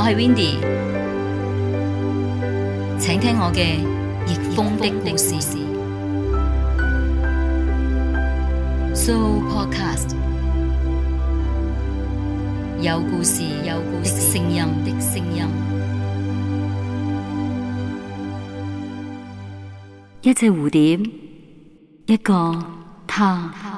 我係 Windy，請聽我嘅逆風的故事。So podcast 有故事，有故事聲音的聲音，一隻蝴蝶，一個他。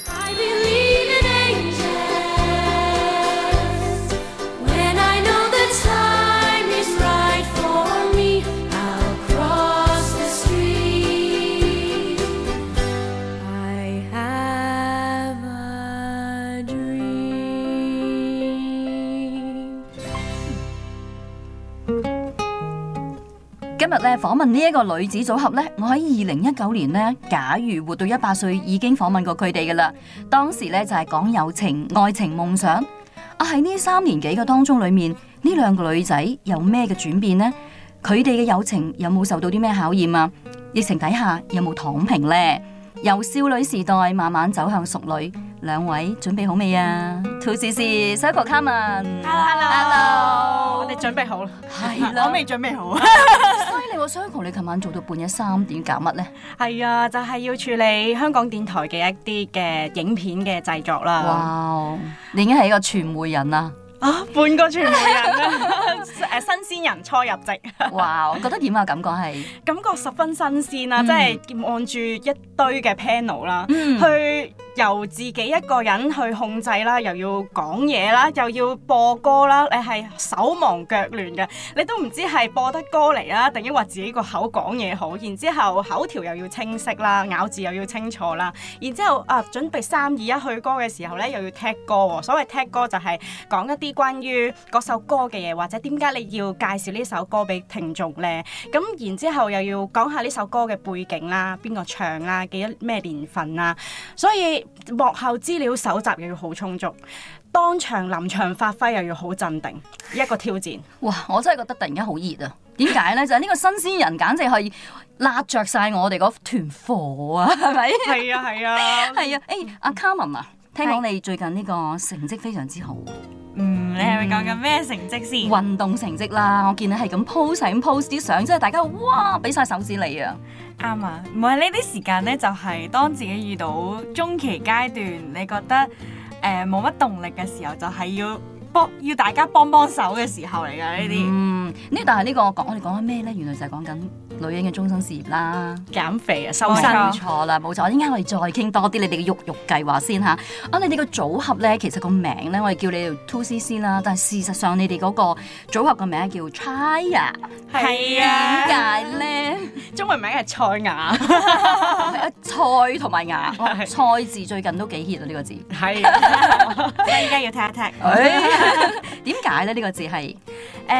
今日咧訪問呢一個女子組合咧，我喺二零一九年咧，假如活到一百歲已經訪問過佢哋噶啦。當時咧就係講友情、愛情、夢想。啊喺呢三年幾嘅當中裏面，呢兩個女仔有咩嘅轉變呢？佢哋嘅友情有冇受到啲咩考驗啊？疫情底下有冇躺平呢？由少女時代慢慢走向熟女，兩位準備好未啊？，SuperCommon，Hello Hello, hello. 你準備好啦？係啦，我未準備好啊？犀利喎！雙紅，你琴晚做到半夜三點，搞乜咧？係啊，就係要處理香港電台嘅一啲嘅影片嘅製作啦。哇！Wow, 你已經係一個傳媒人啦。啊、哦，半個傳媒人啦，誒 新鮮人初入職，哇，Wow, 我覺得點啊感覺係感覺十分新鮮、啊嗯、啦，即係望住一堆嘅 panel 啦，去由自己一個人去控制啦，又要講嘢啦，又要播歌啦，你係手忙腳亂嘅，你都唔知係播得歌嚟，啦，定抑或自己個口講嘢好，然之後口條又要清晰啦，咬字又要清楚啦，然之後啊準備三二一去歌嘅時候咧，又要踢歌、哦、所謂踢歌就係講一啲。關於嗰首歌嘅嘢，或者點解你要介紹呢首歌俾聽眾呢？咁然之後又要講下呢首歌嘅背景啦，邊個唱啦，幾多咩年份啦？所以幕後資料搜集又要好充足，當場臨場發揮又要好鎮定，一個挑戰。哇！我真係覺得突然間好熱啊！點解呢？就係、是、呢個新鮮人，簡直可以焫着晒我哋嗰團火啊！係咪？係 啊，係啊，係啊！誒、 啊，阿 Carmen 啊，聽講你最近呢個成績非常之好。你係咪講緊咩成績先、嗯？運動成績啦，我見你係咁 po 曬咁 po s 曬啲相，即係大家哇，俾晒手指你啊！啱啊，唔係呢啲時間咧，就係、是、當自己遇到中期階段，你覺得誒冇乜動力嘅時候，就係要。幫要大家幫幫手嘅時候嚟噶、嗯這個、呢啲，呢但係呢個我講我哋講緊咩咧？原來就係講緊女人嘅終身事業啦，減肥啊，瘦身冇錯啦，冇錯。依家我哋再傾多啲你哋嘅肉肉計劃先吓。啊，你哋個組合咧，其實個名咧，我哋叫你 2CC 先啦。但係事實上你哋嗰個組合個名叫 Chaya、啊，係點解咧？中文名係菜雅，菜同埋雅，是菜字最近都幾 hit 啊！呢、這個字係，即係依家要聽一聽。 點解咧？ 呢、這個字係誒，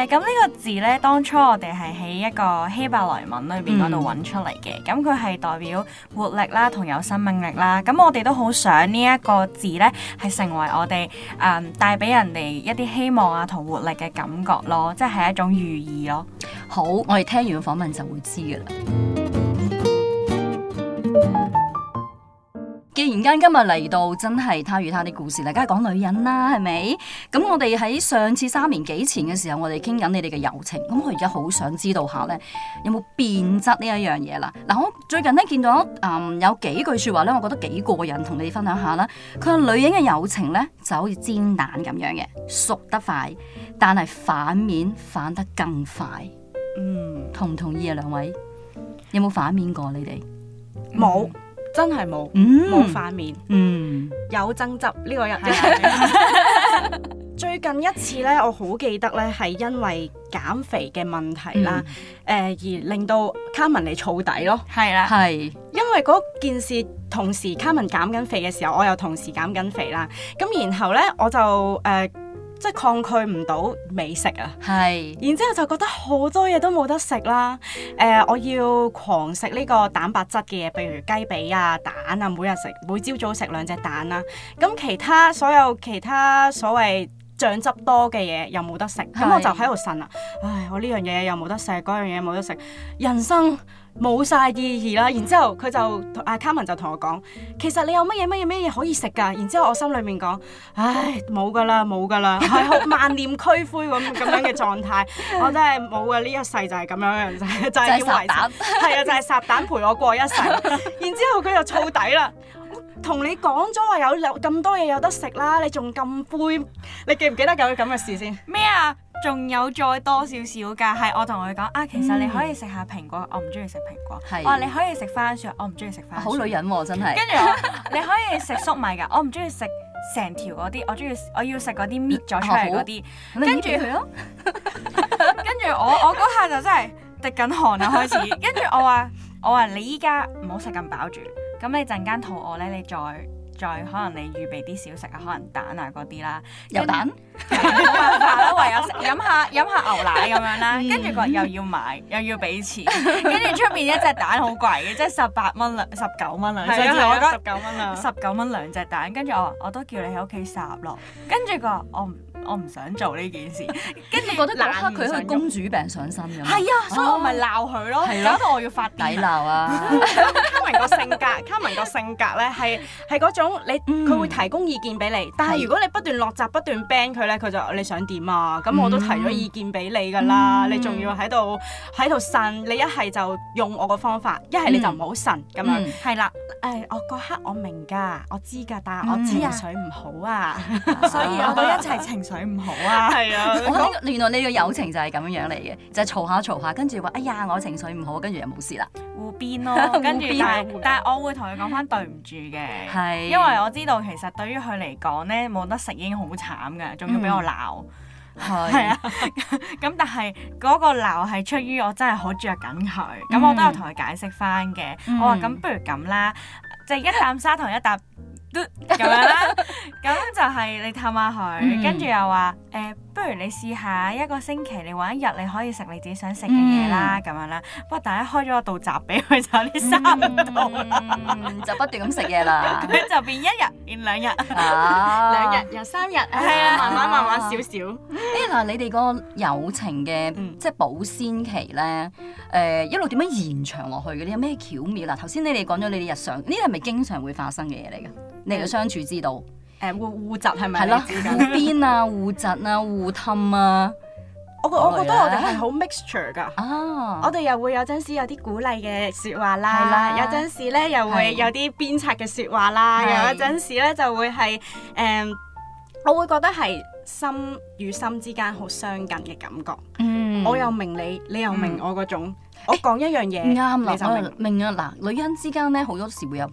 咁呢、呃、個字呢，當初我哋係喺一個希伯來文裏邊嗰度揾出嚟嘅。咁佢係代表活力啦，同有生命力啦。咁我哋都好想呢一個字呢，係成為我哋誒，帶、呃、俾人哋一啲希望啊，同活力嘅感覺咯，即係一種寓意咯。好，我哋聽完訪問就會知噶啦。 既然間今日嚟到，真係她與她的故事，梗係講女人啦，係咪？咁我哋喺上次三年幾前嘅時候，我哋傾緊你哋嘅友情。咁我而家好想知道下呢，有冇變質呢一樣嘢啦？嗱，我最近呢見到、嗯、有幾句說話呢，我覺得幾過癮，同你哋分享下啦。佢話女人嘅友情呢，就好似煎蛋咁樣嘅，熟得快，但係反面反得更快。嗯，同唔同意啊？兩位有冇反面過你哋？冇。真係冇，冇反面，嗯、有爭執呢、呢個人。 最近一次呢，我好記得呢，係因為減肥嘅問題啦，嗯、而令到 Carmen 你躁底咯，係啦，係是因為嗰件事，同時 Carmen 減緊肥嘅時候，我又同時減緊肥啦，咁然後呢，我就誒。呃即係抗拒唔到美食啊，係是，然之後就覺得好多嘢都冇得食啦。誒、呃，我要狂食呢個蛋白質嘅嘢，譬如雞髀啊、蛋啊，每日食每朝早食兩隻蛋啦、啊。咁其他所有其他所謂醬汁多嘅嘢又冇得食，咁是我就喺度呻啦。唉，我呢樣嘢又冇得食，嗰樣嘢冇得食，人生。冇晒意義啦，然之後佢就阿卡文就同我講，其實你有乜嘢乜嘢乜嘢可以食噶，然之後我心裏面講，唉，冇噶啦，冇噶啦，係好 萬念俱灰咁咁樣嘅狀態，我真係冇噶，呢一世就係咁樣嘅，就係要為，係啊，就係、是、撒蛋陪我過一世， 然之後佢就燥底啦。同你講咗話有咁多嘢有得食啦，你仲咁攰，你記唔記得有咁嘅事先？咩啊？仲有再多少少㗎？係我同佢講啊，其實你可以食下蘋果，我唔中意食蘋果。係是我話你可以食番薯，我唔中意食番薯。好、啊、女人喎、啊，真係。跟住我，你可以食粟米㗎，我唔中意食成條嗰啲，我中意我要食嗰啲搣咗出嚟嗰啲。啊、跟住佢咯。就是、跟住我，我嗰下就真係滴緊汗啊！開始， 跟住我話，我話你依家唔好食咁飽住。咁你陣間肚餓咧，你再再可能你預備啲小食啊，可能蛋啊嗰啲啦，蛋有蛋冇辦法啦，唯有食飲下飲下牛奶咁樣啦，跟住佢又要買又要俾錢，跟住出面一隻蛋好貴嘅，即係十八蚊兩十九蚊啦，十九蚊啦，十九蚊兩隻蛋，跟住我我都叫你喺屋企烚落，跟住佢我。我唔想做呢件事，跟住覺得嗰刻佢係公主病上身咁，係啊，所以我咪鬧佢咯。搞到我要發底鬧啊！卡文個性格，卡文個性格咧係係嗰種你，佢會提供意見俾你，但係如果你不斷落閘不斷 ban 佢咧，佢就你想點啊？咁我都提咗意見俾你㗎啦，你仲要喺度喺度呻？你一係就用我個方法，一係你就唔好呻咁樣。係啦，誒，我嗰刻我明㗎，我知㗎，但係我知情緒唔好啊，所以我一齊情緒。睇唔好啊！我呢，原來你嘅友情就係咁樣樣嚟嘅，就係嘈下嘈下，跟住話：哎呀，我情緒唔好，跟住又冇事啦。胡邊咯， 胡邊 跟住但係， 但係我會同佢講翻對唔住嘅，是因為我知道其實對於佢嚟講咧，冇得食已經好慘噶，仲要俾我鬧佢。係啊，咁但係嗰個鬧係出於我真係好着緊佢，咁、嗯、我都有同佢解釋翻嘅。嗯、我話：咁不如咁啦，就係、一啖砂糖一啖。 咁樣啦，咁 就係你探下佢，跟住、嗯、又話誒。Eh, 不如你試下一個星期，你玩一日，你可以食你自己想食嘅嘢啦，咁、嗯、樣啦。不過大家開咗個道閘俾佢，就啲深度就不斷咁食嘢啦， 就變一日變兩日，啊、 兩日天又三日，係啊，啊慢慢慢慢少少。嗱，你哋個友情嘅、嗯、即係保鮮期咧，誒、呃、一路點樣延長落去嘅？有剛剛你有咩巧妙？嗱，頭先你哋講咗你哋日常，呢啲係咪經常會發生嘅嘢嚟㗎？你哋嘅相處之道？嗯誒，互互窒係咪啊？護邊啊，互窒啊，互氹啊！我我覺得我哋係好 mixture 㗎啊！我哋又會有陣時有啲鼓勵嘅説話啦，啦有陣時咧又會有啲鞭策嘅説話啦，啦有一陣時咧就會係誒、嗯，我會覺得係心與心之間好相近嘅感覺。嗯、我又明你，你又明我嗰種。嗯、我講一樣嘢，啱、欸、你就明。明啊嗱，女人之間咧好多時會有。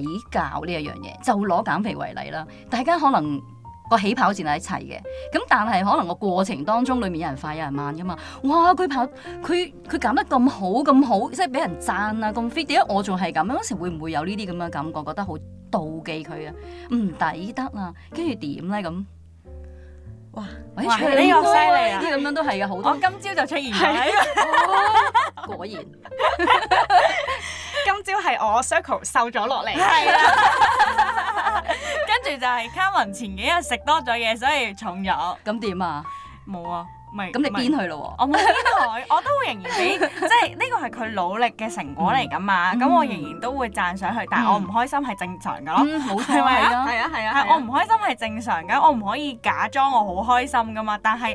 比較呢一樣嘢，就攞減肥為例啦。大家可能個起跑線係一齊嘅，咁但係可能個過程當中裡面有人快，有人慢噶嘛。哇！佢跑佢佢減得咁好咁好，即係俾人讚啊，咁 fit。點解我仲係咁，嗰時會唔會有呢啲咁嘅感覺，覺得好妒忌佢啊，唔抵得啊，跟住點咧咁？哇！喂，你又犀利啊！啲咁樣都係嘅，好多。我今朝就出現咗、 哦，果然。 今朝係我 circle 瘦咗落嚟，係啦，跟住就係 Carman 前幾日食多咗嘢，所以重咗。咁點啊？冇啊，唔係，咁你邊佢咯。我冇邊佢，我都會仍然俾，即係呢個係佢努力嘅成果嚟噶嘛。咁我仍然都會讚賞佢，但係我唔開心係正常噶咯。冇錯啊！係啊，係啊，我唔開心係正常噶，我唔可以假裝我好開心噶嘛。但係。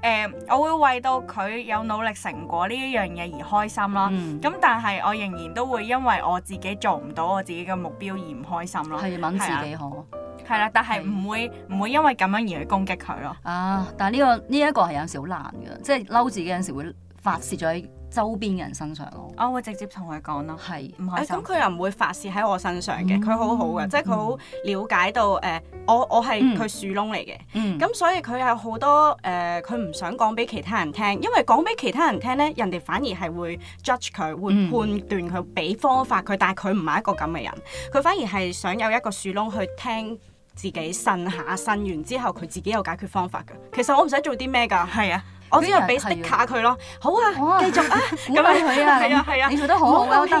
誒、呃，我會為到佢有努力成果呢一樣嘢而開心啦。咁、嗯、但係我仍然都會因為我自己做唔到我自己嘅目標而唔開心咯。係要自己好，係啦、啊啊，但係唔會唔是會因為咁樣而去攻擊佢咯。啊，嗯、但係、呢、呢個呢一、呢個係有時好難嘅，即係嬲自己有時會發泄咗喺周邊人身上咯，我會直接同佢講咯，係唔開心。咁佢、哎、又唔會發泄喺我身上嘅，佢、嗯、好好嘅，嗯、即係佢好了解到誒、uh，我我係佢樹窿嚟嘅，咁、嗯、所以佢有好多誒，佢、uh, 唔想講俾其他人聽，因為講俾其他人聽咧，人哋反而係會 judge 佢，會判斷佢，俾方法佢，但係佢唔係一個咁嘅人，佢反而係想有一個樹窿去聽自己呻下，呻完之後佢自己有解決方法㗎。其實我唔使做啲咩㗎，係、嗯、啊。我一樣俾 stick 下佢咯，好啊，好啊、哦！繼續啊，鼓勵佢啊，係啊係啊，啊你做得好，我覺得。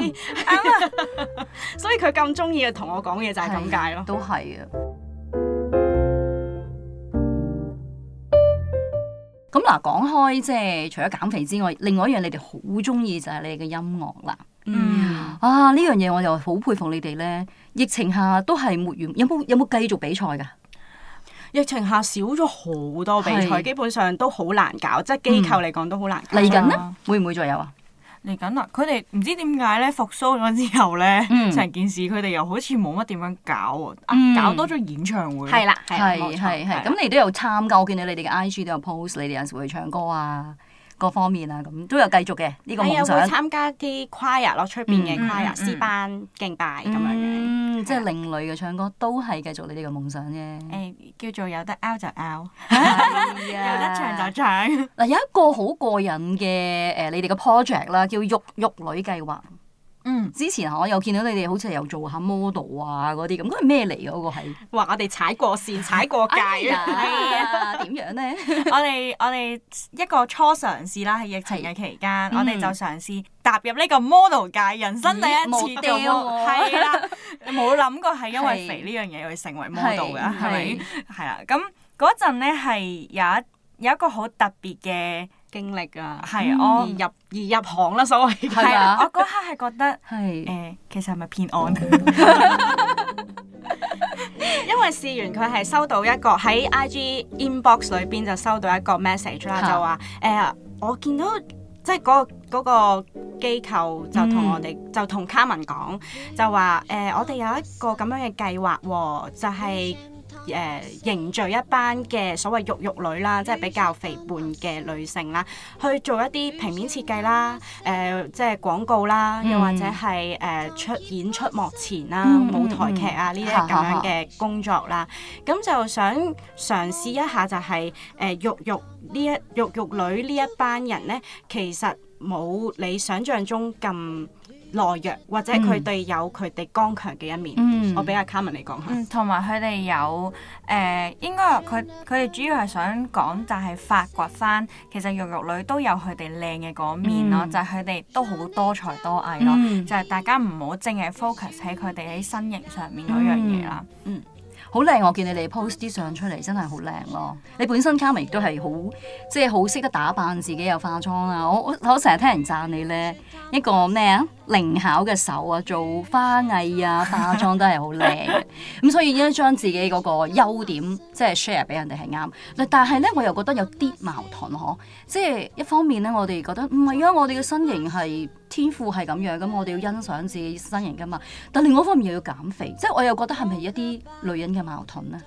所以佢咁中意啊，同我講嘢就係咁解咯。都係啊。咁嗱、啊，講開即係除咗減肥之外，另外一樣你哋好中意就係你哋嘅音樂啦。嗯。啊，呢樣嘢我又好佩服你哋咧！疫情下都係沒完，有冇有冇繼續比賽㗎？疫情下少咗好多比賽，基本上都好難搞，即係機構嚟講都好難。嚟緊呢？會唔會再有啊？嚟緊啦，佢哋唔知點解咧復甦咗之後咧，成件事佢哋又好似冇乜點樣搞喎，搞多咗演唱會。係啦，係係係。咁你都有參加，我見到你哋嘅 IG 都有 post，你哋有時會唱歌啊，各方面啊，咁都有繼續嘅呢個有想。參加啲跨 r 落出邊嘅跨 r 師班競賽咁樣。即係另類嘅唱歌，都係繼續你哋嘅夢想嘅。誒、欸，叫做有得 Out 就 Out，有 得唱就唱。嗱， 有一個好過癮嘅誒，你哋嘅 project 啦，叫肉肉女計劃。嗯，之前我又見到你哋好似又做下 model 啊，嗰啲咁，嗰、嗰個咩嚟啊？嗰個係話我哋踩過線、踩過界啊？點 哎哎、樣咧？ 我哋我哋一個初嘗試啦，喺疫情嘅期間，是我哋就嘗試踏入呢個 model 界，人生第一次，冇掉係啦，冇諗過係因為肥呢樣嘢會成為 model 嘅，係咪？係啦，咁嗰陣咧係有一有一個好特別嘅經歷啊，係我、嗯、入而入行啦、啊，所謂係啊，我嗰刻係覺得係誒是、欸，其實係咪騙案？ 因為試完佢係收到一個喺 IG inbox 裏邊就收到一個 message 啦、啊，就話誒、欸，我見到即係嗰、那個嗰、那個機構就同我哋、嗯、就同 Carman 講，就話誒、欸，我哋有一個咁樣嘅計劃喎，就係、是。誒、呃、凝聚一班嘅所謂肉肉女啦，即係比較肥胖嘅女性啦，去做一啲平面設計啦，誒、呃、即係廣告啦，嗯、又或者係誒、呃、出演出幕前啦、嗯、舞台劇啊呢啲咁樣嘅工作啦，咁 就想嘗試一下就係誒肉肉呢一肉肉女呢一班人咧，其實冇你想象中咁懦弱，或者佢哋有佢哋剛強嘅一面。嗯、我俾阿卡文你講下。同埋佢哋有誒、呃，應該佢佢哋主要係想講就係發掘翻，其實肉肉女都有佢哋靚嘅嗰面咯，嗯、就係佢哋都好多才多藝咯，嗯、就係大家唔好淨係 focus 喺佢哋喺身形上面嗰樣嘢啦、嗯。嗯。好靚，我見你哋 post 啲相出嚟，真係好靚咯！你本身卡咪都係好，即係好識得打扮自己又化妝啊！我我我成日聽人讚你咧，一個咩啊靈巧嘅手啊，做花藝啊、化妝都係好靚。咁 所以應該將自己嗰個優點，即係 share 俾人哋係啱。但係咧，我又覺得有啲矛盾呵，即係一方面咧，我哋覺得唔係啊，我哋嘅身形係。天賦係咁樣，咁我哋要欣賞自己身形㗎嘛？但另外一方面又要減肥，即係我又覺得係咪一啲女人嘅矛盾呢？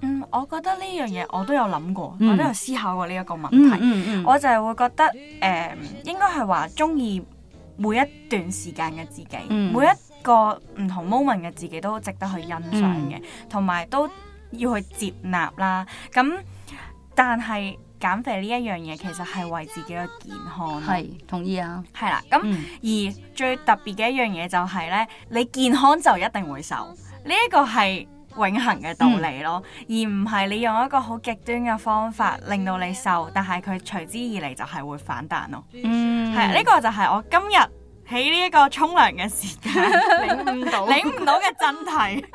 嗯，我覺得呢樣嘢我都有諗過，嗯、我都有思考過呢一個問題。嗯嗯嗯、我就係會覺得誒、呃，應該係話鍾意每一段時間嘅自己，嗯、每一個唔同 moment 嘅自己都值得去欣賞嘅，同埋、嗯、都要去接納啦。咁但係。減肥呢一樣嘢，其實係為自己嘅健康，係同意啊，係啦。咁、嗯、而最特別嘅一樣嘢就係、是、呢：你健康就一定會瘦，呢一個係永恆嘅道理咯，而唔係你用一個好極端嘅方法令到你瘦，但係佢隨之而嚟就係會反彈咯。嗯，係呢、這個就係我今日，喺呢一個沖涼嘅時間，領唔到，領唔到嘅真題，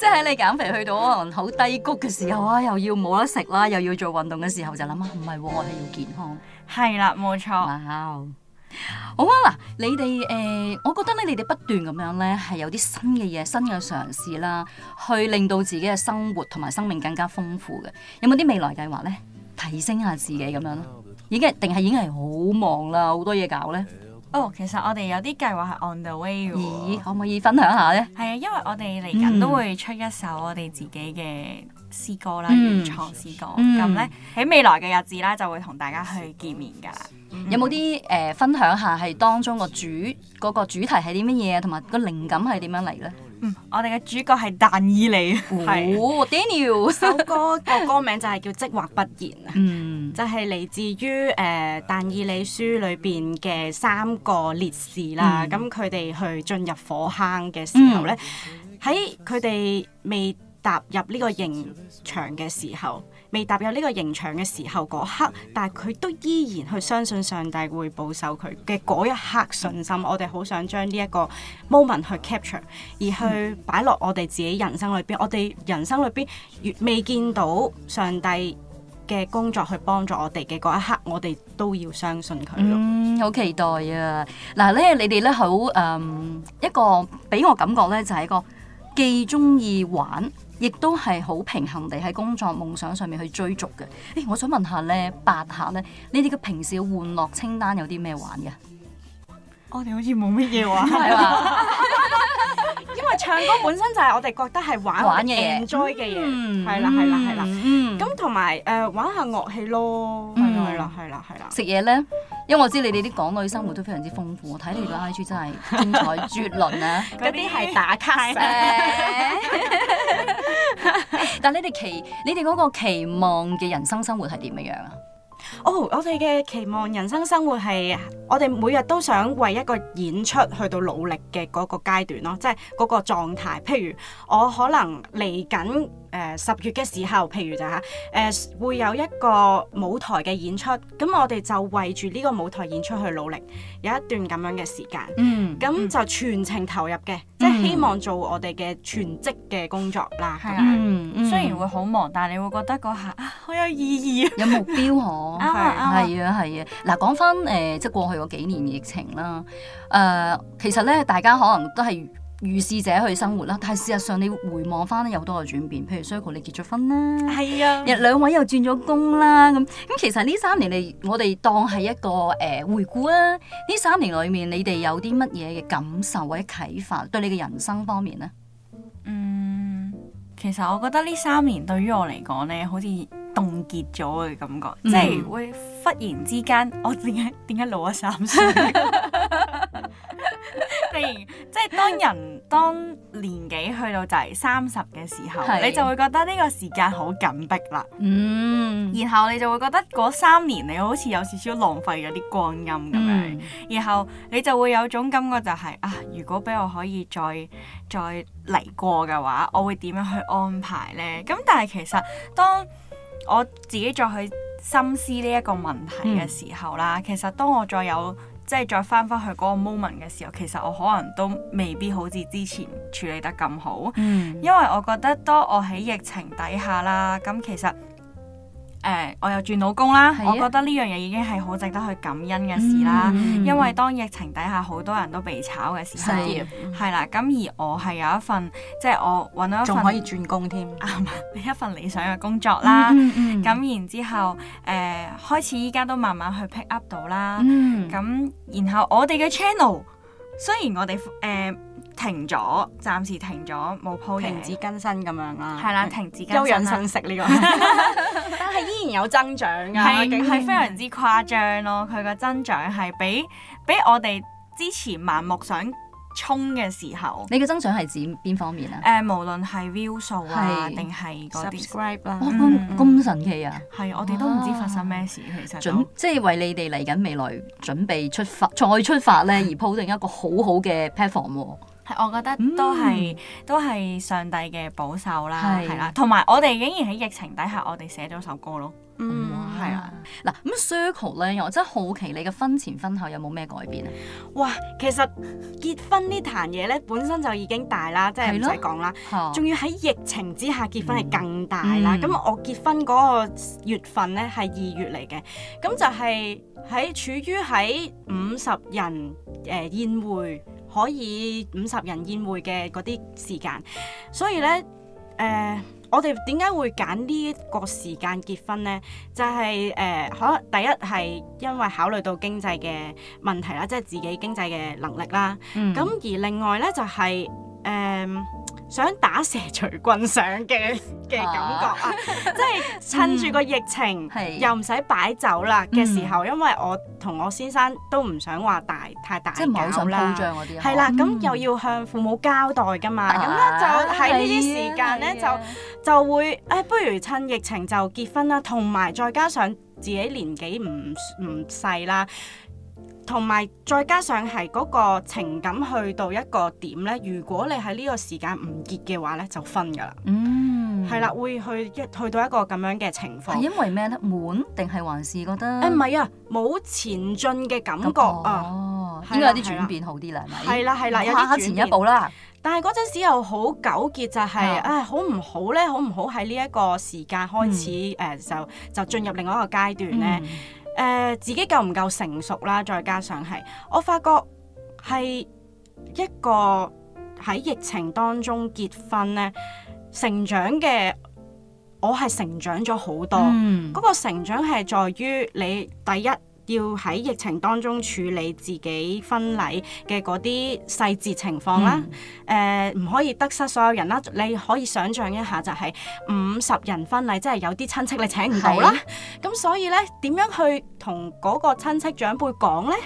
即係喺你減肥去到可能好低谷嘅時候啊，又要冇得食啦，又要做運動嘅時候，就諗下唔係，我係要健康。係啦，冇錯、嗯。好啊，嗱，你哋誒，我覺得咧，你哋不斷咁樣咧，係有啲新嘅嘢，新嘅嘗試啦，去令到自己嘅生活同埋生命更加豐富嘅。有冇啲未來計劃咧？提升下自己咁 樣咯？已經定係已經係好忙啦，好多嘢搞咧。 哦，oh, 其實我哋有啲計劃係 on the way，可唔可以分享下咧？係啊，因為我哋嚟緊都會出一首我哋自己嘅詩歌啦，mm. 原創詩歌。咁咧，喺未來嘅日子啦，就會同大家去見面㗎。嗯、有冇啲誒分享下係當中個主、嗰個主嗰個主題係啲乜嘢啊？同埋個靈感係點樣嚟咧？嗯，我哋嘅主角係但以理，係 Daniel 首歌個歌名就係叫《即或不言》啊，嗯，就係嚟自於誒但以理書裏邊嘅三個烈士啦，咁佢哋去進入火坑嘅時候咧，喺佢哋未。踏入呢個刑場嘅時候，未踏入呢個刑場嘅時候嗰刻，但係佢都依然去相信上帝會保守佢嘅嗰一刻信心。我哋好想將呢一個 moment 去 capture，而去擺落我哋自己人生裏邊，我哋人生裏邊未見到上帝嘅工作去幫助我哋嘅嗰一刻，我哋都要相信佢。嗯，好期待啊！嗱呢你哋咧好誒，一個俾我感覺咧就係一個既中意玩。亦都係好平衡地喺工作夢想上面去追逐嘅。誒，我想問下咧，八下咧呢啲嘅平時嘅玩樂清單有啲咩玩嘅？我哋好似冇乜嘢玩。 因為唱歌本身就係我哋覺得係玩玩嘅嘢 enjoy 嘅嘢，係啦係啦係啦。咁同埋誒玩下樂器咯，係啦係啦係啦係啦。食嘢咧，因為我知你哋啲港女生活都非常之豐富，我睇你個 IG 真係精彩絕倫啊！嗰啲係打卡。 但係你哋期，你哋嗰個期望嘅人生生活係點樣樣啊？哦，oh, 我哋嘅期望人生生活係我哋每日都想為一個演出去到努力嘅嗰個階段咯，即係嗰個狀態。譬如我可能嚟緊。誒十月嘅時候，譬如就嚇，誒會有一個舞台嘅演出，咁我哋就為住呢個舞台演出去努力，有一段咁樣嘅時間，咁就全程投入嘅，即係希望做我哋嘅全職嘅工作啦。咁樣雖然會好忙，但係你會覺得嗰下啊好有意義，有目標。可係啊，係啊。嗱，講翻誒即係過去嗰幾年疫情啦，誒其實咧大家可能都係。如是者去生活啦，但係事實上你回望翻有好多嘅轉變，譬如 Sheryl 你結咗婚啦，係啊、哎呀，兩位又轉咗工啦，咁咁其實呢三年嚟，我哋當係一個誒、呃、回顧啊。呢三年裏面，你哋有啲乜嘢嘅感受或者啟發，對你嘅人生方面呢？嗯，其實我覺得呢三年對於我嚟講咧，好似凍結咗嘅感覺，嗯、即係會忽然之間，我點解點解老咗三歲？ 突然， 即係當人當年紀去到就係三十嘅時候，是你就會覺得呢個時間好緊迫啦。嗯，然後你就會覺得嗰三年你好似有少少浪費咗啲光陰咁樣，嗯、然後你就會有種感覺就係、是、啊，如果俾我可以再再嚟過嘅話，我會點樣去安排呢？咁但係其實當我自己再去深思呢一個問題嘅時候啦，嗯、其實當我再有。即係再翻翻去嗰個 moment 嘅時候，其實我可能都未必好似之前處理得咁好，mm. 因為我覺得當我喺疫情底下啦，咁其實。誒、呃，我又轉老工啦，啊、我覺得呢樣嘢已經係好值得去感恩嘅事啦，嗯嗯、因為當疫情底下好多人都被炒嘅時候，係、啊嗯、啦，咁而我係有一份，即、就、係、是、我揾到一份仲可以轉工添， 一份理想嘅工作啦。咁、嗯嗯嗯、然之後，誒、呃、開始依家都慢慢去 pick up 到啦。咁、嗯、然後我哋嘅 channel 雖然我哋誒。呃停咗，暫時停咗，冇鋪，停止更新咁樣啦。係啦，停止更新休養生息呢個，但係依然有增長㗎，係非常之誇張咯。佢個增長係比比我哋之前盲目想衝嘅時候，你嘅增長係指邊方面啊？誒，無論係 view 數啊，定係嗰啲 subscribe 啦，咁神奇啊，係我哋都唔知發生咩事其實準，即係為你哋嚟緊未來準備出發再出發咧，而鋪定一個好好嘅 platform 喎。係，我覺得都係、嗯、都係上帝嘅保守啦，係啦、啊，同埋、啊、我哋竟然喺疫情底下，我哋寫咗首歌咯，嗯，係啊。嗱、嗯，咁、啊、circle 咧，我真係好奇你嘅婚前婚後有冇咩改變啊？哇，其實結婚呢壇嘢咧，本身就已經大啦，即係唔使講啦，仲、啊、要喺疫情之下結婚係更大啦。咁、嗯嗯、我結婚嗰個月份咧係二月嚟嘅，咁就係喺處於喺五十人誒、呃呃、宴會。可以五十人宴會嘅嗰啲時間，所以咧，誒、呃，我哋點解會揀呢個時間結婚咧？就係、是、誒，可能、呃、第一係因為考慮到經濟嘅問題啦，即、就、係、是、自己經濟嘅能力啦。咁、嗯、而另外咧就係、是、誒。呃想打蛇隨棍上嘅嘅感覺啊，即係、啊就是、趁住個疫情，嗯、又唔使擺酒啦嘅時候，因為我同我先生都唔想話大太大，即係唔好想鋪張嗰啲啊。係啦，咁、啊、又要向父母交代噶嘛。咁咧、啊、就喺呢啲時間呢，啊、就就會，誒、哎、不如趁疫情就結婚啦，同埋再加上自己年紀唔唔細啦。同埋再加上係嗰個情感去到一個點咧，如果你喺呢個時間唔結嘅話咧，就分噶啦。嗯，係啦，會去去到一個咁樣嘅情況。係因為咩咧？滿定係還是覺得？誒唔係啊，冇前進嘅感覺啊。哦，啊、應該有啲轉變好啲啦，係咪、哦？係啦係啦，有啲前一步啦，但係嗰陣時又好糾結，就係誒好唔好咧？好唔好喺呢一個時間開始誒、嗯呃、就就進入另外一個階段咧？嗯嗯誒、uh, 自己夠唔夠成熟啦，再加上係我發覺係一個喺疫情當中結婚咧，成長嘅我係成長咗好多。嗰、嗯、個成長係在於你第一。要喺疫情當中處理自己婚禮嘅嗰啲細節情況啦，誒唔、嗯呃、可以得失所有人啦。你可以想象一下就，就係五十人婚禮，真係有啲親戚你請唔到啦。咁是所以咧，點樣去同嗰個親戚長輩講咧？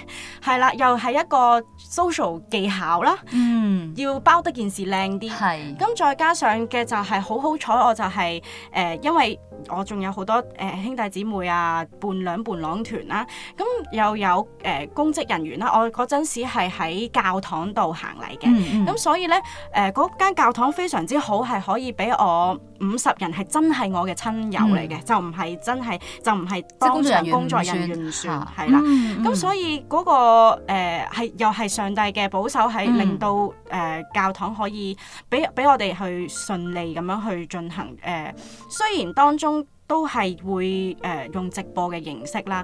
係啦、啊，又係一個 social 技巧啦。嗯，要包得件事靚啲。係是。咁再加上嘅就係好好彩，我就係、是、誒、呃，因為我仲有好多誒、呃、兄弟姊妹啊、伴娘伴郎團啦、啊。咁又有誒、呃、公職人員啦。我嗰陣時係喺教堂度行禮嘅，咁、嗯、所以咧誒嗰間教堂非常之好，係可以俾我五十人係真係我嘅親友嚟嘅、嗯，就唔係真係就唔係職工人員工作人員唔算係、啊嗯嗯、啦。咁、嗯嗯、所以嗰、那個誒、呃、又係上帝嘅保守，係令到誒、嗯呃、教堂可以俾俾我哋去順利咁樣去進行誒、呃。雖然當中都係會誒、呃、用直播嘅形式啦。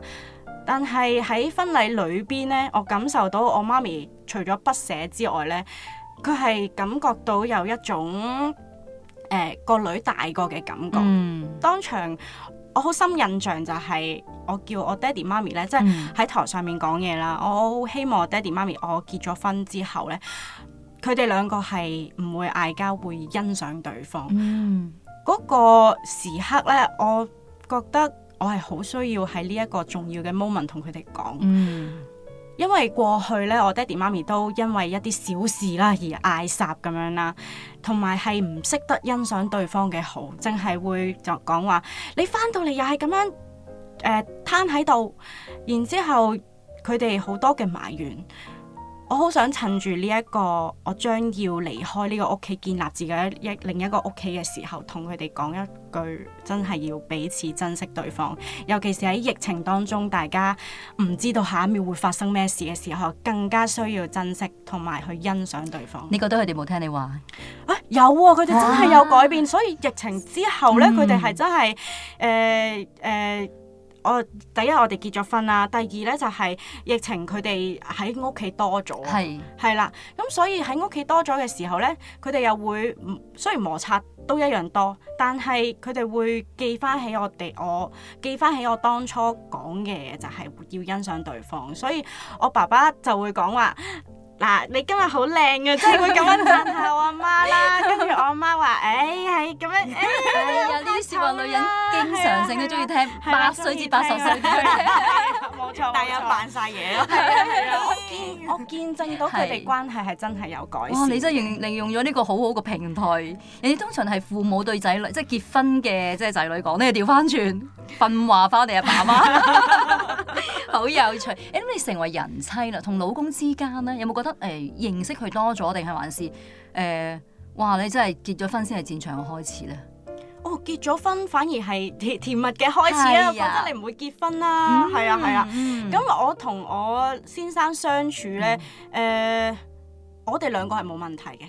但係喺婚禮裏邊咧，我感受到我媽咪除咗不捨之外咧，佢係感覺到有一種誒、呃、個女大個嘅感覺。嗯、當場我好深印象就係、是、我叫我爹哋媽咪咧，即係喺台上面講嘢啦。嗯、我好希望我爹哋媽咪，我結咗婚之後咧，佢哋兩個係唔會嗌交，會欣賞對方。嗰、嗯、個時刻咧，我覺得。我係好需要喺呢一個重要嘅 moment 同佢哋講，嗯、因為過去咧我爹哋媽咪都因為一啲小事啦而嗌霎咁樣啦，同埋係唔識得欣賞對方嘅好，淨係會就講話你返到嚟又係咁樣，誒攤喺度，然之後佢哋好多嘅埋怨。我好想趁住呢一個我將要離開呢個屋企，建立自己一另一個屋企嘅時候，同佢哋講一句，真係要彼此珍惜對方。尤其是喺疫情當中，大家唔知道下一秒會發生咩事嘅時候，更加需要珍惜同埋去欣賞對方。你覺得佢哋冇聽你話？啊，有啊，佢哋真係有改變。哇所以疫情之後呢，佢哋係真係誒誒。呃呃我第一，我哋結咗婚啦，第二咧就係、是、疫情佢哋喺屋企多咗，係係是啦，咁所以喺屋企多咗嘅時候咧，佢哋又會雖然摩擦都一樣多，但係佢哋會記翻起我哋我記翻起我當初講嘅就係要欣賞對方，所以我爸爸就會講話。嗱，你今日好靚啊！即係會咁樣讚下我阿媽啦，跟住我阿媽話，哎，係咁樣，係有啲說話女人經常性都中意聽，八歲至八十歲，冇錯，但有扮晒嘢咯。我見我見證到佢哋關係係真係有改善。你真係利用咗呢個好好個平台。你哋通常係父母對仔女，即係結婚嘅，即係仔女講，你係調翻轉，訓話翻你阿爸阿媽。 好有趣，咁你成為人妻啦，同老公之間咧，有冇覺得誒、呃、認識佢多咗，定係還是誒、呃，哇！你真係結咗婚先係戰場嘅開始咧？哦，結咗婚反而係甜甜蜜嘅開始啊！我覺得你唔會結婚啦，係啊係啊，咁、嗯啊啊、我同我先生相處咧，誒、嗯呃，我哋兩個係冇問題嘅，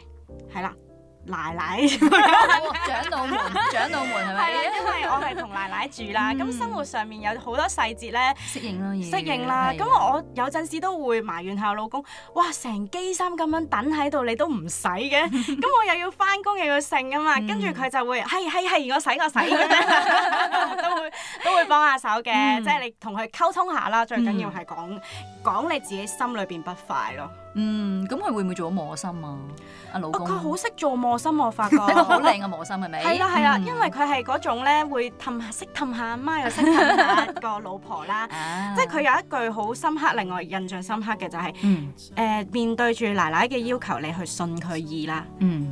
係啦、啊。奶奶長老門，長老門係咪？因為我係同奶奶住啦，咁生活上面有好多細節咧。適應咯，適應啦。咁我有陣時都會埋怨下老公，哇！成機心咁樣等喺度，你都唔使嘅。咁我又要翻工，又要剩啊嘛。跟住佢就會係係係，如果使，我洗咁樣，都會都會幫下手嘅。即係你同佢溝通下啦，最緊要係講講你自己心裏邊不快咯。嗯，咁佢會唔會做咗磨心啊？阿老公，佢好識做磨心，我發覺好靚嘅磨心係咪？係啦係啦，因為佢係嗰種咧會氹，識氹下阿媽又識氹下個老婆啦。即係佢有一句好深刻，令我印象深刻嘅就係誒面對住奶奶嘅要求，你去信佢意啦。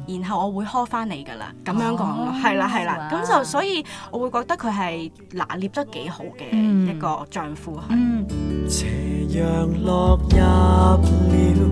然後我會呵翻你噶啦，咁樣講咯，係啦係啦。咁就所以，我會覺得佢係拿捏得幾好嘅一個丈夫。嗯，斜陽落入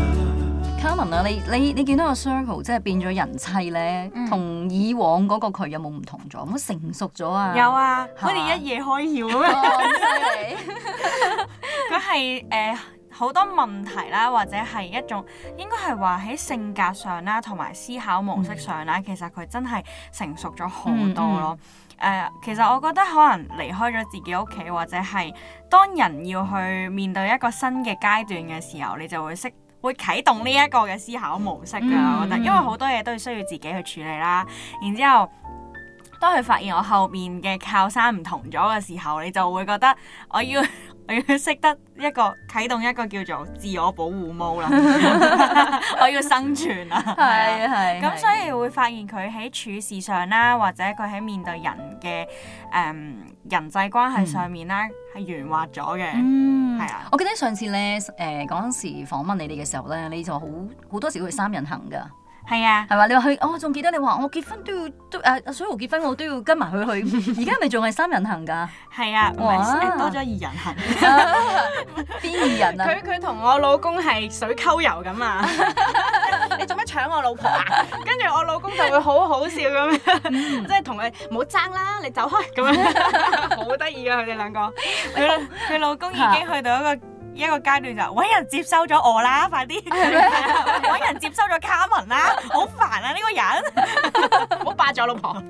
嗯、你你你見到個 circle 即係變咗人妻咧，同以往嗰個佢有冇唔同咗？咁成熟咗啊？有啊，吧好似一夜開竅咁樣！佢係誒好多問題啦，或者係一種應該係話喺性格上啦，同埋思考模式上啦，嗯、其實佢真係成熟咗好多咯。誒、嗯嗯呃，其實我覺得可能離開咗自己屋企，或者係當人要去面對一個新嘅階段嘅時候，你就會識，會啟動呢一個嘅思考模式㗎，我覺得，因為好多嘢都需要自己去處理啦。然之後，當佢發現我後面嘅靠山唔同咗嘅時候，你就會覺得我要、嗯。 要識得一個啟動一個叫做自我保護毛啦，我要生存啊！係係，咁所以會發現佢喺處事上啦，或者佢喺面對人嘅誒人際關係上面啦，係圓滑咗嘅。嗯，係啊。我記得上次咧，誒嗰陣時訪問你哋嘅時候咧，你就好好多時會三人行噶。係啊，係嘛？你話去，哦、我仲記得你話我結婚都要都誒，阿水湖結婚我都要跟埋佢去，去。而家咪仲係三人行噶？係啊，哇多咗二人行，邊二人啊？佢佢同我老公係水溝油咁啊！ 你做咩搶我老婆啊？跟住 我老公就會好好笑咁樣，即係同佢唔好爭啦，你走開咁樣，好得意啊！佢哋兩個，佢 他 老公已經去到一個。一個階段就揾人接收咗我啦，快啲！揾嗎 人接收咗卡文啦， 好煩啊呢、這個人，好 霸咗老婆。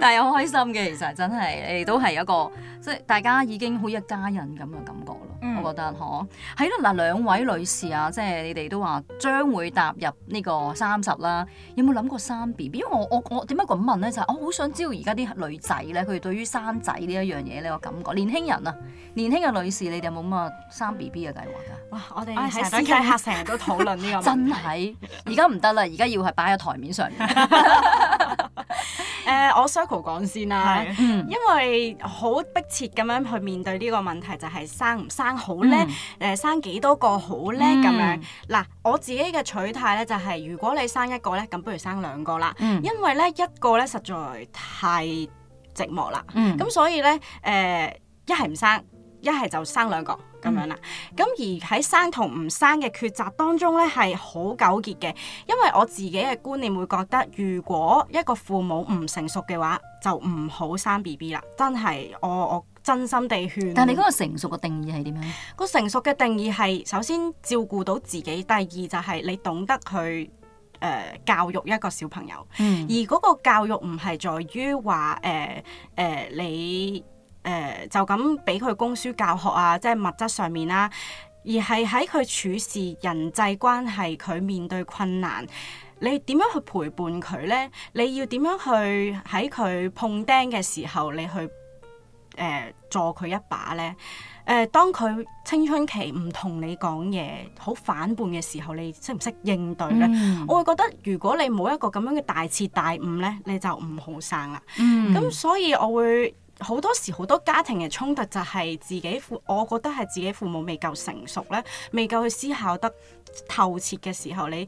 但係好開心嘅，其實真係你哋都係一個即係大家已經好一家人咁嘅感覺咯。嗯、我覺得呵，係啦嗱，兩位女士啊，即、就、係、是、你哋都話將會踏入呢個三十啦，有冇諗過生 B B？因為我我我點解咁問咧？就係、我好想知道而家啲女仔咧，佢哋對於生仔呢一樣嘢呢個感覺。年輕人啊，年輕嘅女士，你哋有冇乜？生 B B 嘅計劃噶，哇！我哋喺私底下成日都討論呢個問題， 真係而家唔得啦，而家要係擺喺台面上面。誒 uh, 我 circle 講先啦，嗯、因為好迫切咁樣去面對呢個問題，就係、是、生唔生好咧？誒、嗯，生幾多個好咧？咁、嗯、樣嗱，我自己嘅取態咧就係、是，如果你生一個咧，咁不如生兩個啦，嗯、因為咧一個咧實在太寂寞啦。咁、嗯嗯、所以咧，誒、呃，一係唔生。一係就生兩個咁樣啦，咁、嗯、而喺生同唔生嘅抉擇當中咧係好糾結嘅，因為我自己嘅觀念會覺得，如果一個父母唔成熟嘅話，就唔好生 BB 啦，真係我我真心地勸。但你嗰個成熟嘅定義係點樣？個成熟嘅定義係首先照顧到自己，第二就係你懂得去誒、呃、教育一個小朋友，嗯、而嗰個教育唔係在於話誒誒你。誒、呃、就咁俾佢供書教學啊，即係物質上面啦、啊，而係喺佢處事人際關係，佢面對困難，你點樣去陪伴佢呢？你要點樣去喺佢碰釘嘅時候，你去誒、呃、助佢一把呢？誒、呃，當佢青春期唔同你講嘢，好反叛嘅時候，你識唔識應對呢？嗯、我會覺得如果你冇一個咁樣嘅大徹大悟呢，你就唔好生啦。嗯，咁所以我會。好多時好多家庭嘅衝突就係自己父，我覺得係自己父母未夠成熟咧，未夠去思考得透徹嘅時候，你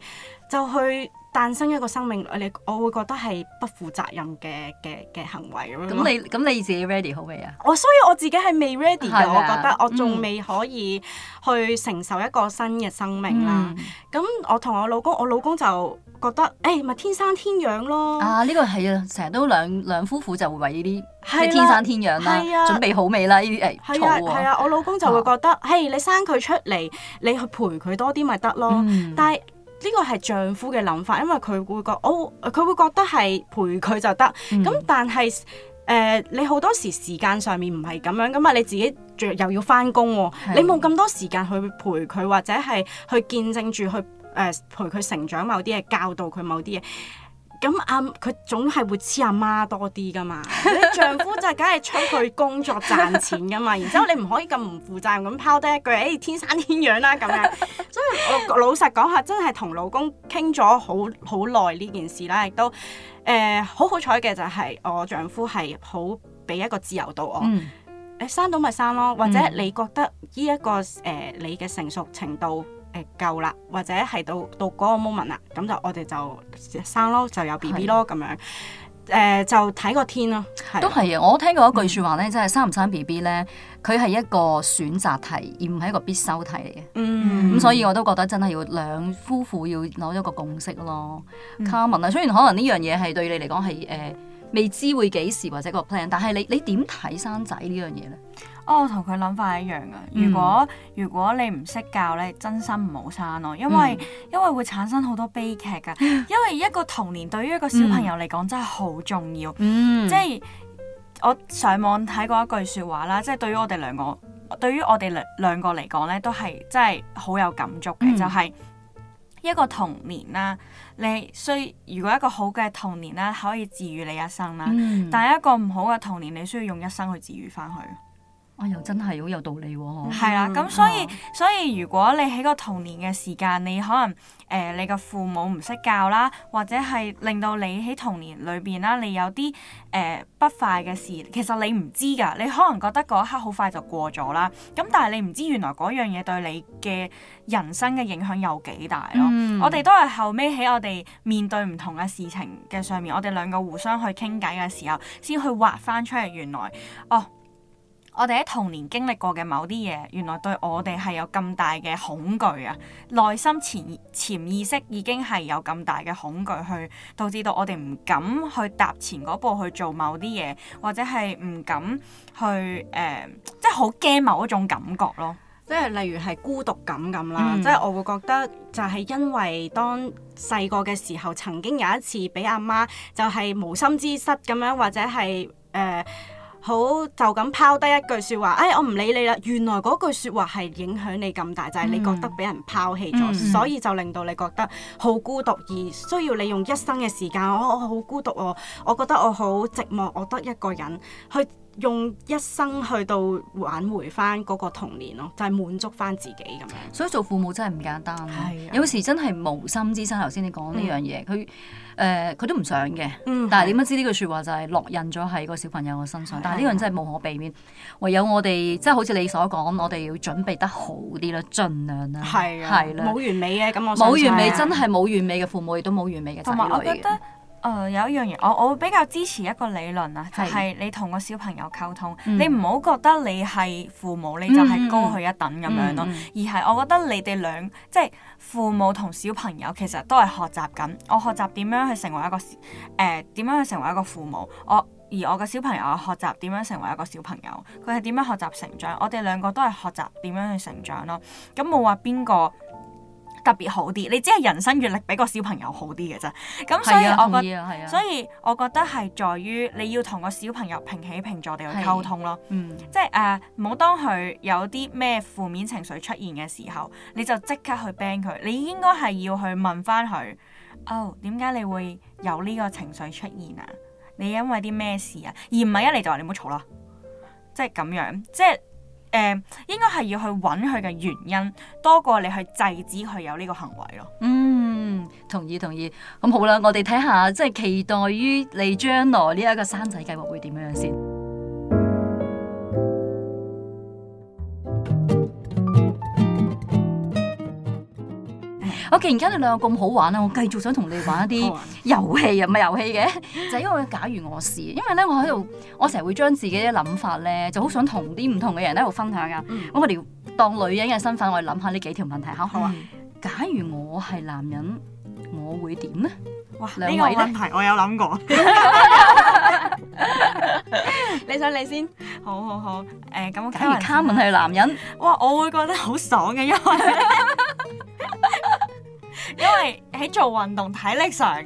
就去誕生一個生命，你我會覺得係不負責任嘅嘅嘅行為，咁你咁你自己 ready 好未啊？我、嗯嗯哦、所以我自己係未 ready 嘅，嗎我覺得我仲未可以去承受一個新嘅生命啦。咁、嗯嗯、我同我老公，我老公就。覺得誒咪、欸、天生天養咯啊！呢、這個係啊，成日都兩兩夫婦就會為呢啲係天生天養啦、啊，啊、準備好未啦、啊？呢啲誒，係、呃、啊係啊！我老公就會覺得，啊、嘿，你生佢出嚟，你去陪佢多啲咪得咯？嗯、但係呢個係丈夫嘅諗法，因為佢會覺哦，佢會覺得係、哦、陪佢就得。咁、嗯、但係誒、呃，你好多時時間上面唔係咁樣噶嘛，你自己又又要翻工，的你冇咁多時間去陪佢，或者係去見證住去。誒，陪佢成長某啲嘢，教導佢某啲嘢，咁阿佢總係會黐阿媽，媽多啲噶嘛。 你丈夫就梗係催佢工作賺錢噶嘛， 然之後你唔可以咁唔負責任咁拋低一句，哎、hey，天生天養啦咁樣。 所以我老實講下，真係同老公傾咗好好耐呢件事啦，亦都誒好好彩嘅就係我丈夫係好俾一個自由度我，誒、嗯、生到咪生，生咯，或者你覺得呢、這、一個誒、呃、你嘅成熟程度？夠啦，或者係到到嗰個 moment 啦，咁就我哋就生咯，就有 B B 咯，咁的樣誒、呃、就睇個天咯，都係啊！我聽過一句話說話咧，嗯、即係生唔生 B B 咧，佢係一個選擇題，而唔係一個必修題嚟嘅。嗯，咁所以我都覺得真係要兩夫婦要攞一個共識咯。Carmen 啊、嗯，men, 雖然可能呢樣嘢係對你嚟講係誒未知會幾時或者個 plan，但係你你點睇生仔呢樣嘢咧？哦，同佢諗法一樣㗎。如果如果你唔識教咧，真心唔好生咯，因為 因為會產生好多悲劇㗎。因為一個童年對於一個小朋友嚟講真係好重要， 即係我上網睇過一句説話啦，即係對於我哋兩個，對於我哋兩兩個嚟講咧，都係真係好有感觸嘅， 就係一個童年啦。你需如果一個好嘅童年啦，可以治愈你一生啦。 但係一個唔好嘅童年，你需要用一生去治愈返佢。啊、又真係好有道理喎、啊。係啦、嗯，咁所以所以，啊、所以如果你喺個童年嘅時間，你可能誒、呃、你個父母唔識教啦，或者係令到你喺童年裏邊啦，你有啲誒、呃、不快嘅事，其實你唔知㗎。你可能覺得嗰一刻好快就過咗啦，咁但係你唔知原來嗰樣嘢對你嘅人生嘅影響有幾大咯。嗯、我哋都係後尾喺我哋面對唔同嘅事情嘅上面，我哋兩個互相去傾偈嘅時候，先去畫翻出嚟原來哦。我哋喺童年經歷過嘅某啲嘢，原來對我哋係有咁大嘅恐懼啊！內心潛潛意識已經係有咁大嘅恐懼，去導致到我哋唔敢去踏前嗰步去做某啲嘢，或者係唔敢去誒、呃，即係好驚某一種感覺咯。即係例如係孤獨感咁啦，即係、嗯、我會覺得就係因為當細個嘅時候，曾經有一次俾阿媽就係無心之失咁樣，或者係誒、呃好就咁拋低一句說話，哎，我唔理你啦。原來嗰句說話係影響你咁大，就係、是、你覺得俾人拋棄咗，mm hmm. 所以就令到你覺得好孤獨，而需要你用一生嘅時間、哦。我我好孤獨、哦、我覺得我好寂寞，我得一個人去。用一生去到挽回翻嗰個童年咯，就係、係、滿足翻自己咁樣。所以做父母真係唔簡單、啊、有時真係無心之失。頭先你講呢樣嘢，佢誒佢都唔想嘅，但係點樣知呢句説話就係烙印咗喺個小朋友嘅身上？啊、但係呢樣真係無可避免。唯有我哋即係好似你所講，我哋要準備得好啲啦，盡量啦，係啦，冇完美嘅，咁我冇完美，真係冇完美嘅父母，亦都冇完美嘅子女。誒、呃、有一樣嘢，我我會比較支持一個理論啊，就係、是、你同個小朋友溝通，是你唔好覺得你係父母你就係高佢一等咁樣咯，嗯嗯嗯嗯，而係我覺得你哋兩即係父母同小朋友其實都係學習緊。我學習點樣去成為一個誒點、呃、樣去成為一個父母，我而我嘅小朋友學習點樣成為一個小朋友，佢係點樣學習成長，我哋兩個都係學習點樣去成長咯。咁冇話邊個特別好啲，你只係人生閱歷比個小朋友好啲嘅啫。咁所以我覺，所以我覺得係、啊啊、在於你要同個小朋友平起平坐地去溝通咯。是嗯，即係誒，唔好，uh, 當佢有啲咩負面情緒出現嘅時候，你就即刻去 ban 佢。你應該係要去問翻佢，哦，點解你會有呢個情緒出現啊？你因為啲咩事啊？而唔係一嚟就話你唔好嘈啦，即係咁樣，即係。誒，uh, 應該係要去揾佢嘅原因，多過你去制止佢有呢個行為咯。嗯，同意同意。咁好啦，我哋睇下即係期待於你將來呢一個生仔計劃會點樣先。我既然家你兩個咁好玩啊，我繼續想同你玩一啲遊戲啊，唔係遊戲嘅，就因為假如我是，因為咧我喺度，我成日會將自己嘅諗法咧，就好想同啲唔同嘅人喺度分享㗎。我我哋當女人嘅身份，我哋諗下呢幾條問題啊。好啊，假如我係男人，我會點咧？哇，兩個問題我有諗過。你想你先，好好好，誒，咁我假如卡文係男人，哇，我會覺得好爽嘅，因為。因為喺做運動體力上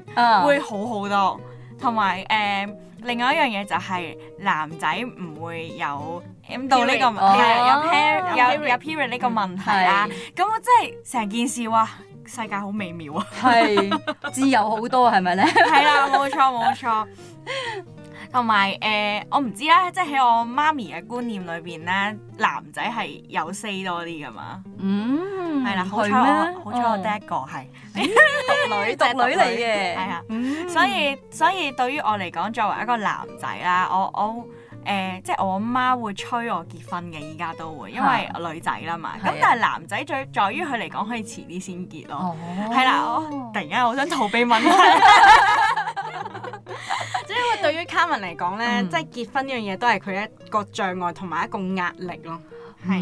會好好多，同埋誒，uh, 另外一樣嘢，就係男仔唔會有到呢個係有 period 有有 period 呢個問題啦。咁我真係成件事哇，世界好微妙啊，係自由好多係咪咧？係 啦，冇錯冇錯。同埋誒，我唔知啦，即係喺我媽咪嘅觀念裏邊咧，男仔係有 say 多啲㗎嘛？嗯，係啦，嗎好彩、嗯、好彩，我得一個係獨、嗯、 女女嚟嘅，係啊 啦，嗯、所以所以對於我嚟講，作為一個男仔啦，我我誒、呃、即係我媽，媽會催我結婚嘅，依家都會，因為女仔啦嘛。咁、啊、但係男仔在在於佢嚟講，可以遲啲先結咯。係啦、啊，突然間我想逃避問題。 即係因為對於 Carmen 嚟講咧，即係結婚呢樣嘢都係佢一個障礙同埋一個壓力咯。係，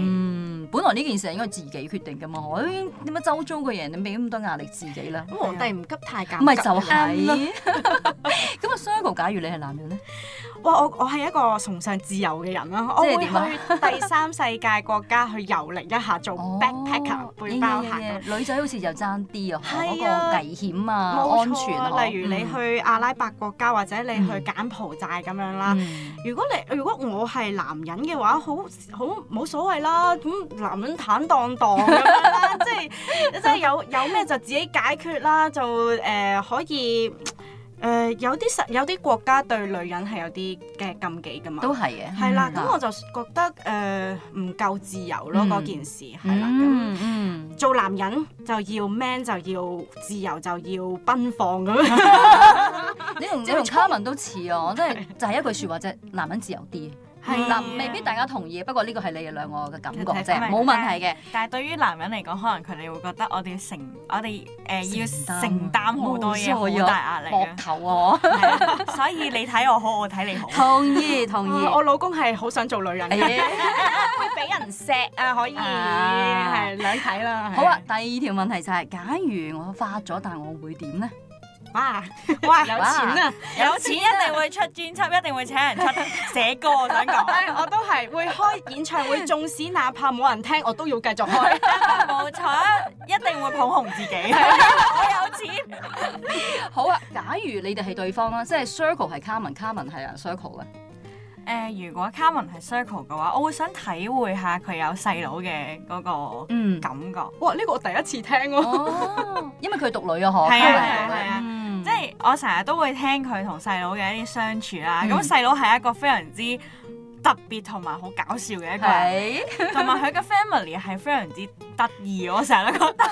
本來呢件事係應該自己決定噶嘛。我點解周遭嘅人你俾咁多壓力自己咧？咁皇帝唔急太監。唔係就係。咁啊 Circle 假如你係男人咧？哇，我我係一個崇尚自由嘅人啦。我會去第三世界國家去遊歷一下，做 backpacker 背包客。女仔好似就爭啲啊，嗰個危險啊，安全啊。例如你去拉伯國家或者你去柬埔寨咁樣啦，嗯、如果你如果我係男人嘅話，好好冇所謂啦，咁男人坦蕩蕩咁樣啦， 即係即係有有咩就自己解決啦，就誒、呃、可以。誒、呃、有啲實有啲國家對女人係有啲嘅禁忌噶嘛，都係嘅，係啦。咁、嗯、我就覺得誒唔、呃嗯、夠自由咯，嗰件事係、嗯、啦。嗯嗯，做男人就要 man，就要自由，就要奔放咁樣。你同你同卡文都似啊、哦！我真係就係一句説話啫，男人自由啲。嗱，是啊、未必大家同意，不過呢個係你哋兩個嘅感覺啫，冇問題嘅。但係對於男人嚟講，可能佢哋會覺得我哋承，我哋誒、呃、擔要承擔好多嘢，好大壓力膊頭啊， 啊！所以你睇我好，我睇你好。同意，同意。 我老公係好想做女人嘅， 會俾人錫啊！可以係兩睇啦。啊好啊，第二條問題就係、是，假如我發咗，但我會點呢？哇！哇！有錢啊！有錢、啊有錢啊、一定會出專輯，一定會請人出寫歌。 我想講， 我都係會開演唱會，縱使哪怕冇人聽，我都要繼續開。冇 錯，一定會捧紅自己。我 有錢。 好啊，假如你哋係對方啦，嗯、即係 Circle 係 Carmen，Carmen 係啊，Circle 咧。誒、呃，如果 Carman 係 Circle 嘅話，我會想體會下佢有細佬嘅嗰個感覺。嗯、哇！呢、這個我第一次聽喎、哦，哦、 因為佢係獨女嘅嗬。係啊係啊，啊啊嗯、即係我成日都會聽佢同細佬嘅一啲相處啦。咁細佬係一個非常之，特別同埋好搞笑嘅一個，同埋佢嘅 family 係非常之得意，我成日都覺得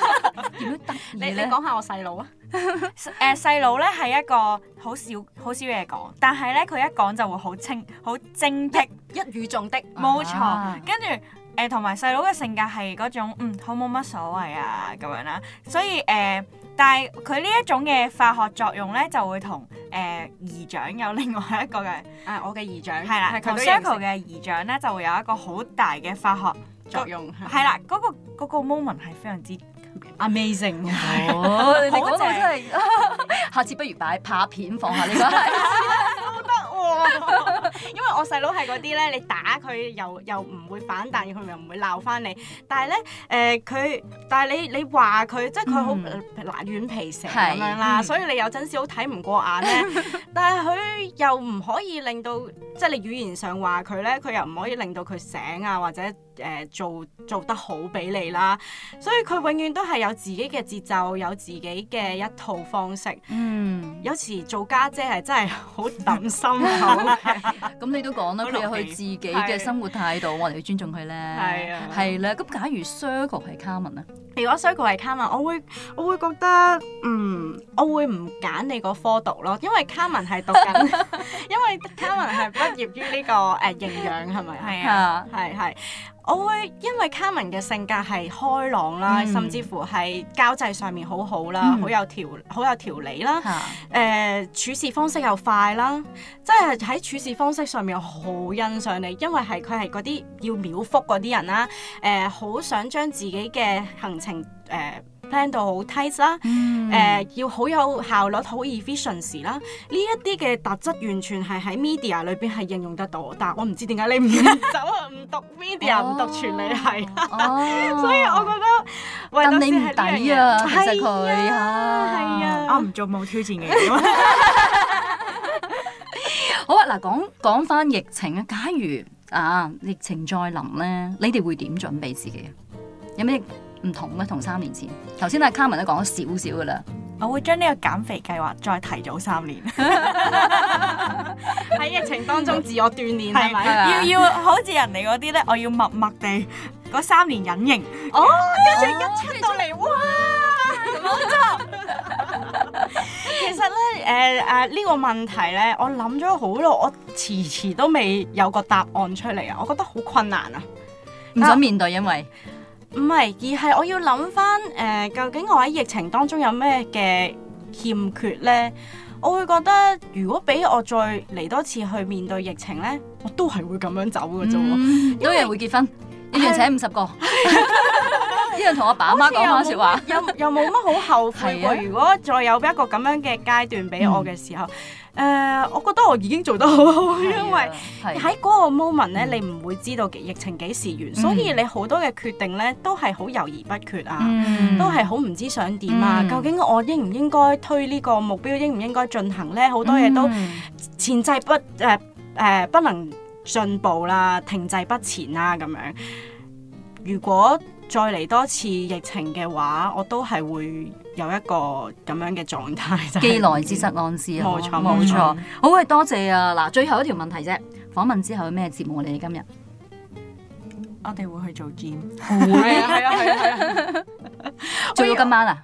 點樣得意 你你講下我細佬啊？誒細佬咧係一個好少好少嘢講，但係咧佢一講就會好清、好精闢、一語中的，冇錯。啊、跟住誒同埋細佬嘅性格係嗰種嗯，好冇乜所謂啊咁樣啦，所以誒。呃但係佢呢一種嘅化學作用咧，就會同誒姨丈有另外一個嘅，啊我嘅姨丈係啦，同 Shaco 嘅姨丈咧就會有一個好大嘅化學作用，係啦，嗰個嗰個 moment 係非常之。Amazing！、Oh, 你講到真係， 下次不如擺拍片放下呢個，都得喎。因為我細佬係嗰啲咧，你打佢又又唔會反彈，佢又唔會鬧返你。但係咧，誒、呃、佢，但係你你話佢，即係佢好爛軟皮蛇咁樣啦，是嗯、所以你有陣時好睇唔過眼咧。 但係佢又唔可以令到。即係你語言上話佢咧，佢又唔可以令到佢醒啊，或者誒、呃、做做得好俾你啦。所以佢永遠都係有自己嘅節奏，有自己嘅一套方式。嗯，有時做家姐係真係好抌心口，咁、 okay、你都講啦，佢 有佢趣自己嘅生活態度，我哋要尊重佢咧。係啊的，係啦。 咁假如 Circle 係 Carmen 咧？如果 Circle 係 Carmen 我會我會覺得嗯，我會唔揀你嗰科讀咯，因為 Carmen 係讀緊， 因為 Carmen 係 業于呢、這個誒、uh, 營養係咪 啊？係啊，係係，我會因為 Carman 嘅性格係開朗啦，嗯、甚至乎係交際上面好好啦，好、嗯、有調好有條理啦，誒、嗯呃、處事方式又快啦，即係喺處事方式上面好欣賞你，因為係佢係嗰啲要秒覆嗰啲人啦，誒好、嗯呃、想將自己嘅行程誒。呃 plan 到好 tight 啦，誒要好有效率、好 e f f i c i e n c y 啦，呢一啲嘅特質完全係喺 media 裏邊係應用得到，但我唔知點解你唔走唔讀 media，唔 讀傳、oh. 理系，oh. Oh. 所以我覺得為你唔抵啊，其實佢啊，係啊，我唔做冇挑戰嘅嘢。好啊，嗱講講翻疫情啊，假如啊疫情再臨咧，你哋會點準備自己？有咩？唔同啦，同三年前。頭先阿 Carmen 都講咗少少噶啦，我會將呢個減肥計劃再提早三年。喺 疫情當中 自我鍛煉係咪？吧要要好似人哋嗰啲咧，我要默默地嗰三年隱形。哦、oh,，一出一出到嚟，哇！冇錯。 其實咧，誒、呃、誒，呢、呃這個問題咧，我諗咗好耐，我遲遲都未有個答案出嚟啊！我覺得好困難啊，唔想面對，因為， 唔係，而係我要諗翻誒，究竟我喺疫情當中有咩嘅欠缺咧？我會覺得，如果俾我再嚟多次去面對疫情咧，我都係會咁樣走嘅啫。嗯、為都有人會結婚，一樣是請五十個，一的 樣同我爸媽講翻説話，又又冇乜好後悔喎。 如果再有一個咁樣嘅階段俾我嘅時候。嗯誒，uh, 我覺得我已經做得好好，因為喺嗰個 moment 咧，嗯、你唔會知道疫情幾時完，嗯、所以你好多嘅決定咧都係好猶疑不決啊，嗯、都係好唔知想點啊。嗯、究竟我應唔應該推呢個目標，應唔應該進行咧？好多嘢都前進不誒誒、呃呃，不能進步啦、啊，停滯不前啦、啊、咁樣。如果再嚟多次疫情嘅話，我都係會。有一個咁樣嘅狀態就內，就既來之則安之啊！冇錯冇錯，好啊！多謝啊！嗱，最後一條問題啫，訪問之後有咩節目？我哋今日我哋會去做 gym，會啊！係啊！係啊！仲要今晚啊？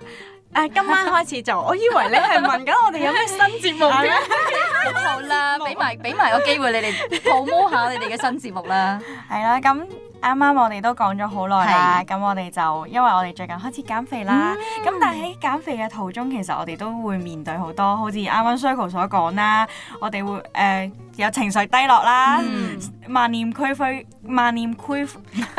誒、哦，今晚開始做。我以為你係問緊我哋有咩新節目嘅。 好啦，俾埋俾埋個機會你哋 promo 下你哋嘅新節目啦。係啦、 嗯，咁、嗯。啱啱我哋都講咗好耐啦，咁我哋就因為我哋最近開始減肥啦，咁但喺減肥嘅途中，其實我哋都會面對好多，好似啱啱 Circle 所講啦，我哋會誒有情緒低落啦，萬念俱灰，萬念俱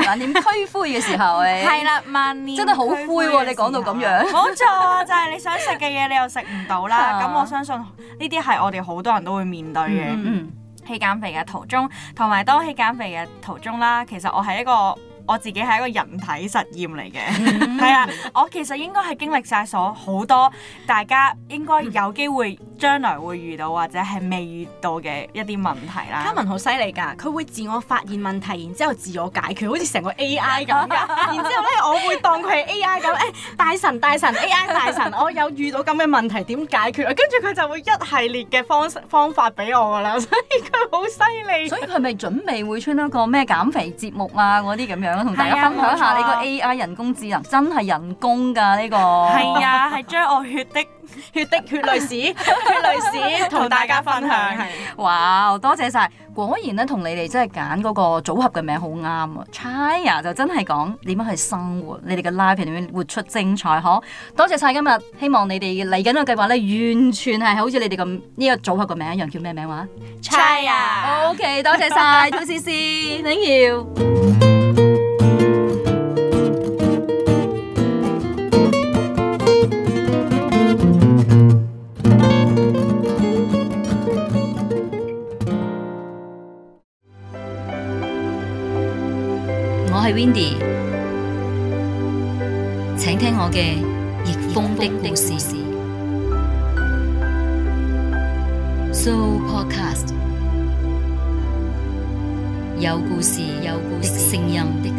萬念俱灰嘅時候誒，係啦，萬念真係好灰喎！你講到咁樣，冇錯啊，就係你想食嘅嘢，你又食唔到啦。咁我相信呢啲係我哋好多人都會面對嘅。喺減肥嘅途中，同埋當喺減肥嘅途中啦，其實我係一個。我自己係一個人體實驗嚟嘅，係啊，我其實應該係經歷晒所好多大家應該有機會將來會遇到或者係未遇到嘅一啲問題啦。嘉文好犀利㗎，佢會自我發現問題，然之後自我解決，好似成個 AI 咁㗎。 然之後咧，我會當佢係 AI 咁，誒、 哎、大神，大神 AI 大神，我有遇到咁嘅問題點解決啊？ 跟住佢就會一系列嘅方式方法俾我㗎啦，所以佢好犀利。所以佢咪準備會出一個咩減肥節目啊？嗰啲咁樣。同大家分享下，你個 AI 人工智能真係人工㗎。呢個係啊，係將我血的血的血淚史血淚史同大家分享。哇！多謝晒，果然咧，同你哋真係揀嗰個組合嘅名好啱啊！Chaya 就真係講點樣去生活，你哋嘅 life 點樣活出精彩呵？多謝晒今日，希望你哋嚟緊個計劃咧，完全係好似你哋咁呢個組合嘅名一樣，叫咩名話？Chaya。O.K. 多謝晒，2CC，thank you。Sooo Windy，請聽我嘅逆風的故事。Sooo Podcast 有故事，有聲音的。